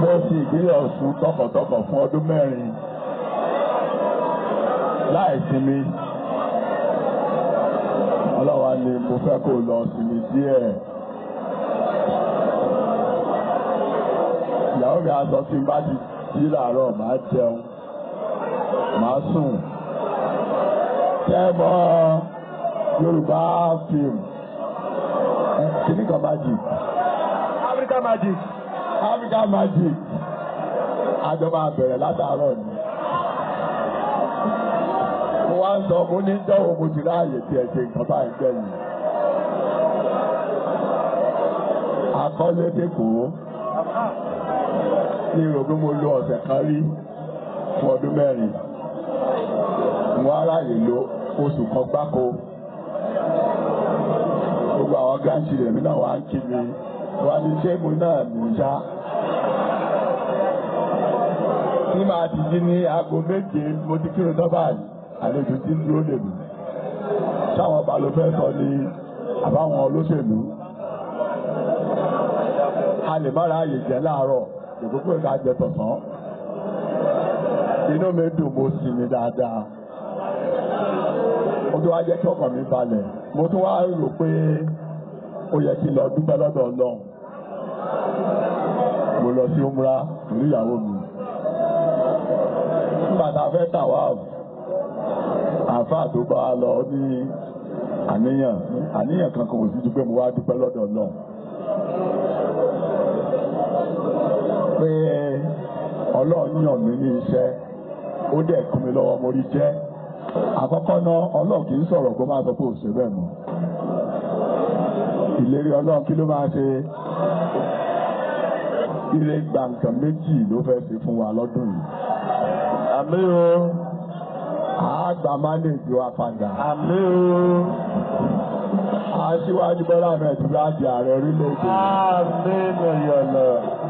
mo ti ìpínlẹ̀ Ọ̀ṣun tọkàntọkàn fún ọdún mẹ́rin láì sinmi ọlọ́wà ni mo fẹ́ kó lọ sinmi díẹ̀. ìyàwó mi á sọ tí n bá ti jí làárọ̀ màá jẹun màá sùn. tẹ́ẹ̀mọ́ Yorùbá fíìmù kìnnìkan máa jì magic Africa magic àjọ máa bẹ̀rẹ̀ látàárọ̀ ni. mo wá ń sọ mo ní jọ́wọ́ mo jù láàyè tí ẹ ṣe nǹkan báyìí gbẹ̀yìn. akọ́lé dẹ́kọ̀ọ́ ní rò pé mo lo ọ̀sẹ̀ kan rí fún ọdún mẹ́rin wọ́n ara lè lo oṣù kan gbáko gbogbo àwọn gáàsì rẹ̀ mi náà wá ń kí mi wà ní ṣẹ́ẹ̀bù náà ló ṣá. tí màá ti jí ní aago méje mo ti kírun náà báyìí àlejò tí ń dúró lè mí. sáwọn ọba ló fẹ́ sọ ni àbáwọn olóṣèlú. a lè má ra àyè jẹ́ láàárọ̀ ìkókó ìka jẹ tọ̀sán. inú mi dùn mo sì ní dáadáa ó tó wá jẹ́ kí ọkàn mi balẹ̀ mo tún wá rò pé ó yẹ kí lọ dúpẹ́ lọ́dọ̀ ọlọ́run mo lọ sí umra pẹ̀lú ìyàwó mi nígbà tá a fẹ́ tà wá o àáfàá tó bá a lọ ó ní àníyàn àníyàn kankan kò sí ju pé mo wá dúpẹ́ lọ́dọ̀ ọlọ́run pé ọlọ́run yàn mí ní iṣẹ́ ó dẹ̀ kún mi lọ́wọ́ mo rí jẹ́ àkọ́kọ́ náà ọlọ́run kì sọ̀rọ̀ kó má sọ pé òṣèré mọ́ ìlérí ọlọ́run kí ló máa ṣe ire gba méjì ló fẹ́ fi fún wa lọ́dún yìí. àmì o. àgbà máa lè ju apàdà. àmì o. aṣíwájú bọ́lá mẹ́tìlá di ààrẹ orílẹ̀-èdè. àmì ìyọ̀lọ̀.